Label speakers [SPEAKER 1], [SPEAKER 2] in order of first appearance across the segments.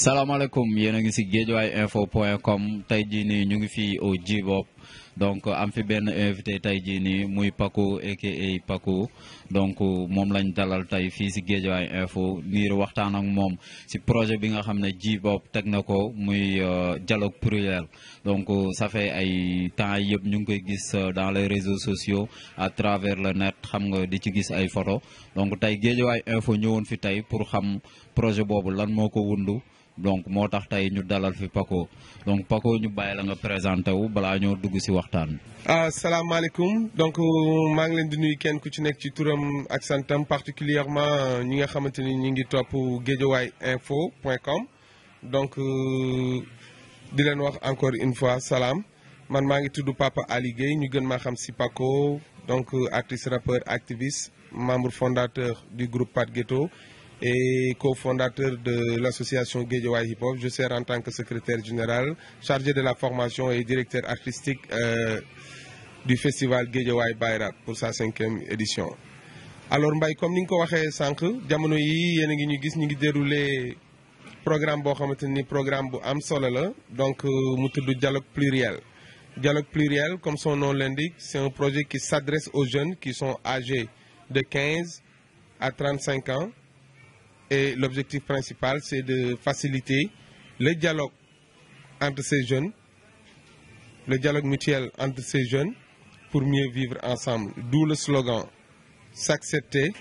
[SPEAKER 1] salaamaaleykum yéen a ngi si géejawaay info point com tey jii nii ñu ngi fii au Djibop donc am fi benn invité tey jii nii muy Paco aka Paco donc moom lañ dalal tey fii si géejawaay info niir waxtaan ak moom si projet bi nga xam ne Djibop teg na ko muy euh, dialogue pluriel donc ça fait ay temps yëpp ñu ngi koy gis euh, dans les réseaux sociaux à travers le net xam nga di ci gis ay photo donc tey géejawaay info ñëwoon fi tey pour xam projet boobu lan moo ko wundu donc moo tax tey ñu dalal fi Paco donc Paco ñu bàyyi la nga présenté wu balaa ñoo dugg si waxtaan
[SPEAKER 2] asalaamaaleykum ah, donc maa ngi leen di nuyu kenn ku ci nekk ci turam ak santam particulièrement euh, ñi nga xamante ni ñi ngi topp géejawaay info point com donc euh, di leen wax encore une fois salaam man maa ngi tudd Papa Ali Gueye ñu gën maa xam si Paco donc euh, artiste rappeur activiste membre fondateur du groupe Pat Ghetto et cofondateur de l'association Guédiawaye Hip Hop. Je sers en tant que secrétaire général, chargé de la formation et directeur artistique euh, du festival Guédiawaye Bayrat pour sa cinquième édition. alors comme nous l'avons fait, programme programme bu donc euh, mu dialogue pluriel. dialogue pluriel comme son nom l'indique c'est un projet qui s'adresse aux jeunes qui sont âgés de 15 à 35 ans et l'objectif principal, c'est de faciliter le dialogue entre ces jeunes, le dialogue mutuel entre ces jeunes pour mieux vivre ensemble. D'où le slogan s'accepter,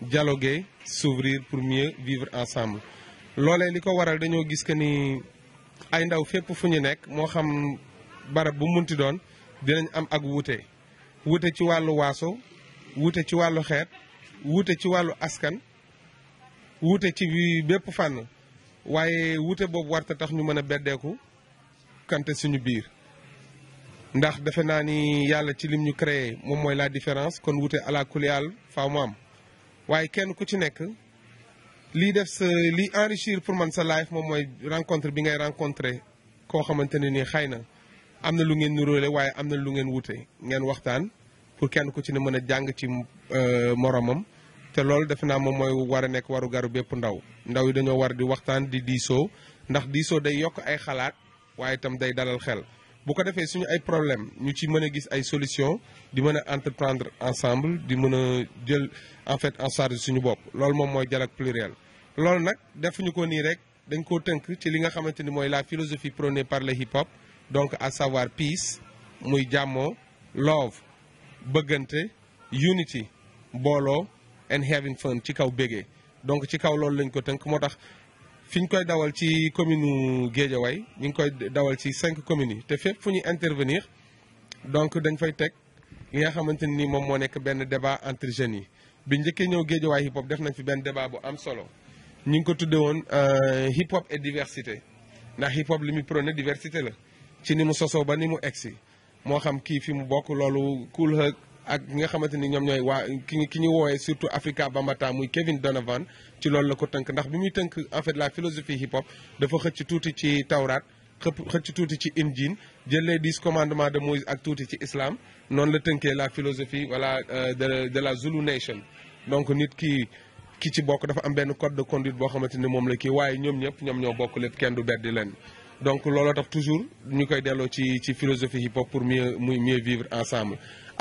[SPEAKER 2] dialoguer, s'ouvrir pour mieux vivre ensemble. Lolé liko waral dañoo gis que ni ay ndaw fépp fuñu nek mo xam barab bu munti doon dinañ am ak wouté wouté ci walu waso wouté ci walu xet wouté ci walu askan wuute ci bépp fànn waaye wuute boobu warta tax ñu mën a beddeeku kante suñu biir ndax defe naa ni yàlla ci lim ñu créer moom mooy la différence kon wute ala kuliyal faaw mu am waaye kenn ku ci nekk lii def sa lii enrichir pour man sa life moom mooy rencontre bi ngay rencontré koo xamante ne nii xëy na am na lu ngeen nuróole waaye am na lu ngeen wuute ngeen waxtaan pour kenn ku ci ne mën a jàng ci euh, moromam te loolu defe naa moom mooy war a waru garu bépp ndaw ndaw yi dañu war di waxtaan di diso ndax diso day yok ay xalaat waye tam day dalal xel bu ko defee suñu ay problème ñu ci mëna gis ay solution di mëna entreprendre ensemble di mëna jël en fait en charge suñu bopp dialogue pluriel nak def ñu ko ni rek dañ ko teunk ci li nga xamanteni ni la philosophie prônée par le hip hop donc à savoir peace muy jamo love bëggante unity bolo. and having fun ci kaw bégee donc ci kaw loolu lañ ko tënk moo tax fi ñu koy dawal ci commune Guédiawaye ñu ngi koy dawal ci cinq communes yi te fépp fu ñuy intervenir donc dañ fay teg li nga xamante ni moom moo nekk benn débat entre jeunes yi bi njëkkee ñëw Guédiawaye hip hop def nañ fi benn débat bu am solo ñu ngi ko tuddee woon euh, hip hop et diversité ndax hip hop li muy prôné diversité la ci ni mu soso ba ni mu egg si moo xam kii fi mu bokk loolu cool ak nga xamante ni ñoom ñooy waa ki ki ñu woowee surtout Africa Bambata muy Kevin Donovan ci loolu la ko tënk ndax bi muy tënk en la philosophie hip hop dafa xëcc tuuti ci tawraat xëpp xëcc tuuti ci injil jël les dix commandements de Moïse ak tuuti ci islam noonu la tënkee la philosophie voilà euh, de de la Zulu Nation donc nit ki ki ci bokk dafa am benn code de conduite boo xamante ni moom la kii waaye ñoom ñëpp ñoom ñoo bokk lépp kenn du beddi leen donc looloo tax toujours ñu koy delloo ci ci philosophie hip hop pour mieux muy mieux vivre ensemble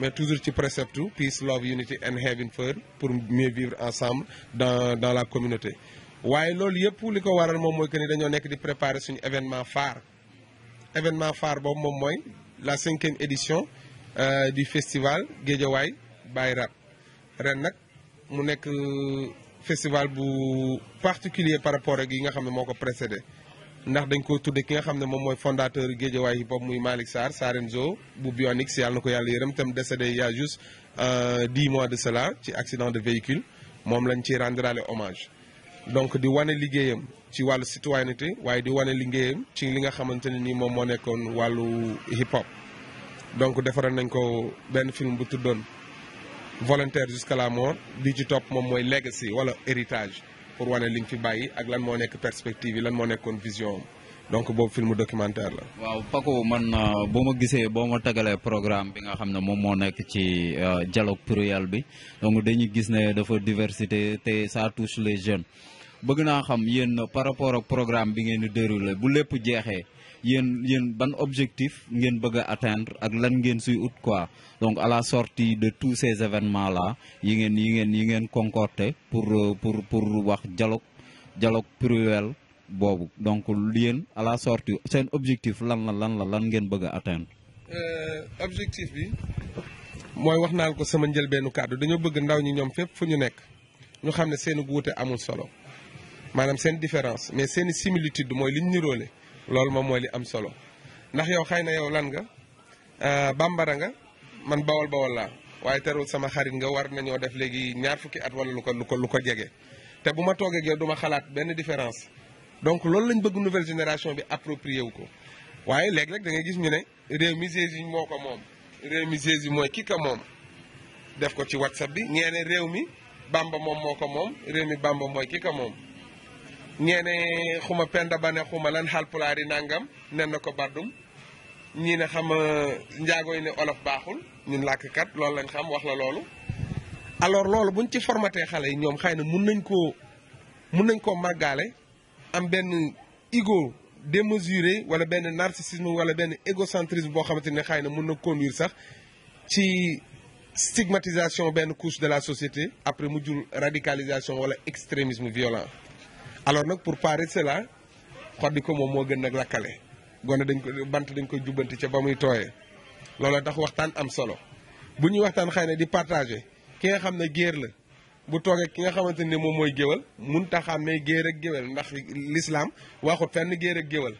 [SPEAKER 2] mais toujours ci précepte peace love unity and having fun pour mieux vivre ensemble dans dans la communauté. waaye loolu yëpp li ko waral moom mooy que ni dañoo nekk di préparer suñu événement phare événement phare boobu moom mooy la cinquième édition euh, du festival géejewaay Baye Rap ren nag mu nekk euh, festival bu particulier par rapport ak yi nga xam ne moo ko précédé. ndax dañ ko tuddee ki nga xam ne moom mooy fondateur Guédiawaye hip hop muy Malick Sarr Sarenzo bu Bionix yàlla na ko yàlla yërëm tam décédé il y a juste euh, dix mois de cela ci accident de véhicule moom lañ ci rendrale hommage donc di wane liggéeyam ci wàllu citoyenneté waaye di wane liggéeyam ci li nga xamante ne nii moom moo nekkoon wàllu hip hop donc defaral nañ ko benn film bu tuddoon volontaire jusqu'à la mort di ci topp moom mooy legacy wala héritage pour wane li nga fi bàyyi ak lan moo nekk perspective yi lan moo nekkoon vision am
[SPEAKER 1] donc boobu film documentaire
[SPEAKER 2] la. waaw Paco
[SPEAKER 1] man euh, boo ma gisee boo ma tagalee programme bi nga xam ne moom moo nekk ci euh, dialogue pluriel bi donc dañuy gis ne dafa diversité te ça touche les jeunes bëgg naa xam yéen par rapport ak programme bi ngeen di déroulé bu lépp jeexee. Yen, yen ban objectif ngeen bëgg atteindre ak lan ngeen suy out quoi donc à la sortie de tous ces événements là yi ngeen yi ngeen yi ngeen concordé pour pour pour wax dialogue dialogue pluriel bobu donc yéen à la sortie sen objectif lan la lan la lan ngeen bëgg atteindre
[SPEAKER 2] euh objectif bi
[SPEAKER 1] moy wax naan ko sama njëlbeenu
[SPEAKER 2] cadre dañu bëgg ndaw ñi ñom fépp fu ñu nek ñu xam seen amul solo manam seen différence mais seen similitude moy liñ niroole. loolu moom mooy li am solo ndax yow xëy na yow lan nga euh, bambara nga man bawol bawol laa waaye terul sama xarit nga war nañoo def léegi ñaar fukki at wala lu ko lu ko lu ko jege te bu ma toogee yow du ma xalaat benn différence donc loolu lañ bëgg nouvelle génération bi approprié wu ko waaye léeg-léeg da ngay gis ñu ne réew mi Jésus moo ko moom réew mi Jésus mooy kii ka moom def ko ci whatsapp bi ñeene réew mi Bamba moom moo ko moom réew mi Bamba mooy ki ko moom ñee ne xuma penda ba ne xuma lan xalpulaar yi nangam nen na ko baddum ñii ne xam euh, njaago yi ne olof baaxul ñun làkkat loolu lañ xam wax la loolu alors loolu buñ ci formaté xale yi ñoom xëy na mun nañ koo mun nañ koo màggaale am benn ego démesuré wala benn narcissisme wala benn égocentrisme boo xamante ne xëy na mun na conduire sax ci stigmatisation benn couche de la société après mu jur radicalisation wala extrémisme violent alors nag pour parer cela di ko moom moo gën nag lakkale gone dañ ko bant dañ koy jubbanti ca ba muy tooyee looloo tax waxtaan am solo bu ñuy waxtaan xëy na di partagé ki nga xam ne géer la bu toogee ki nga xamante ni moom mooy géwal mun taxaam ne géer ak géwal ndax lislaam waxut fenn géer ak géwal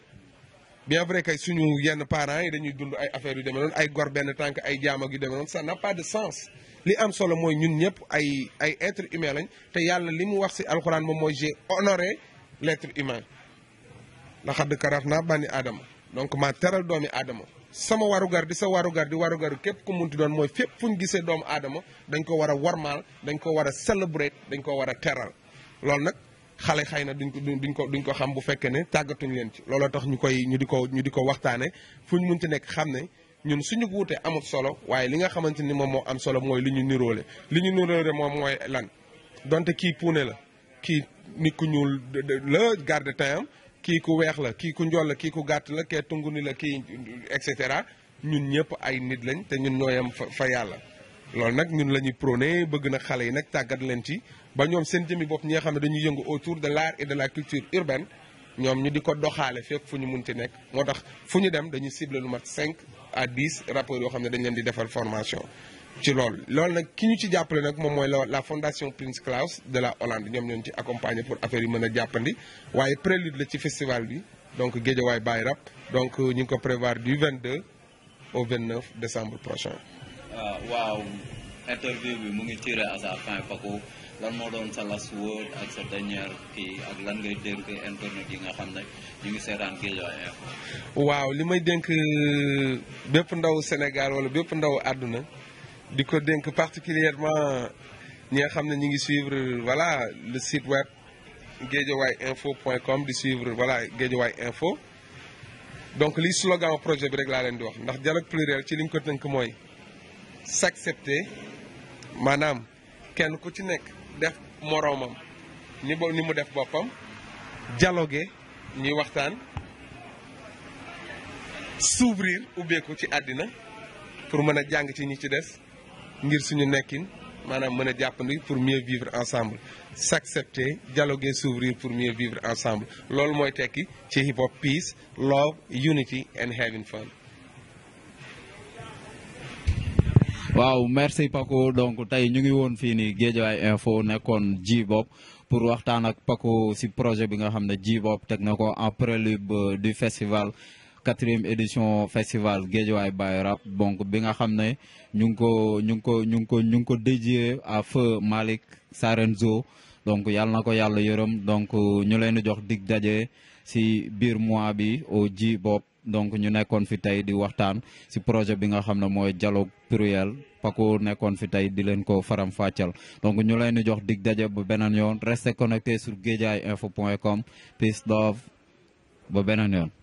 [SPEAKER 2] bien vrai que suñu yenn parents yi dañuy dund ay affaires yu demee noonu ay gor benn tànk ay jaam ak yu demee noonu ça n'a pas de sens li am solo mooy ñun ñëpp ay ay être humain lañ te yàlla li mu wax si alxuraan moom mooy j'ai honoré l'être humain laxadd karaaf naa bànni aadama donc maa teral doomi aadama sama warugar di sa warugar di warugaru képp ku mun ti doon mooy fépp fu ñu gisee doomu aadama dañ ko war a warmaal dañ ko war a célébrer dañ ko war a teral loolu nag xale xëy na duñ ko duñ ko duñ ko xam bu fekkee ne tàggatuñ leen ci looloo tax ñu koy ñu di ko ñu di ko waxtaane fu ñu munti nekk xam ñun suñu wuute amut solo waaye li nga xamante ni moom moo am solo mooy li ñu niroole li ñu niroole moom mooy lan donte kii puune la kii nit ku ñuul la garde teyam kii ku weex la kii ku njool la kii ku gàtt la kee tungu ni la kii et cetera ñun ñëpp ay nit lañ te ñun ñooyam fa fa yàlla loolu nag ñun la ñuy prôné bëgg na xale yi nag tàggat leen ci ba ñoom seen jëmmi bopp ñi nga xam ne dañuy yëngu autour de l'art et de la culture urbaine ñoom ñu di ko doxaale fekk fu ñu munti nekk moo tax fu ñu dem dañuy ciblé lu mat cinq à 10, rappeurs yoo xam ne dañ formation ci ce, loolu nag ki ci la fondation Prince Claus de la Hollande nous avons ci pour affaire yi mën a jàppandi waaye prélude le festival bi donc le Baye Rap donc nous prévoir du 22 au 29 décembre prochain.
[SPEAKER 1] Euh, wow! interview bi mu tiré à sa fin Paco. la sa last word ak sa dernière kii ak lan ngay dénk internet yi nga xam ne ñu ngi seetaan Guédiawaye Info
[SPEAKER 2] waaw li may dénk bépp ndaw Sénégal wala bépp ndaw àdduna di ko dénk particulièrement ñi nga xam ne ñu ngi suivre voilà le site web guédiawaye di suivre voilà Guédiawaye Info donc li slogan projet bi rek laa leen di wax ndax dialogue pluriel ci li ñu ko tënk mooy s'accepter maanaam kenn ku ci def moroomam ni bo ni mu def boppam dialoguer ñuy waxtaan s'ouvrir ubbeeku ci àddina pour mën a jàng ci ñi ci des ngir suñu nekkin maanaam mën a jàppandi pour mieux vivre ensemble s'accepter dialoguer s'ouvrir pour mieux vivre ensemble loolu mooy tekki ci hip hop peace love unity and having fun
[SPEAKER 1] waaw merci Paco donc tey ñu ngi woon fii nii waay info nekkoon ji bopp pour waxtaan ak Paco si projet bi nga xam ne ji bopp teg na ko en prélude euh, du festival quatrième édition festival géej waay Rap bonk bi nga xam ne ñu ngi ko ñu ngi ko ñu ngi ko ñu ngi ko dédié à feu Malick Sarenzo donc yàlla na ko yàlla yërëm donc euh, ñu leen di jox dig daje si biir mois bi au ji bopp donc ñu nekkoon fi tey di waxtaan si projet bi nga xam ne mooy dialogue pluriel pako nekkoon fi tey di leen ko faram fàccal donc ñu leen di jox dig daje ba beneen yoon restez connecté sur guédiawaye info point com peace love ba beneen yoon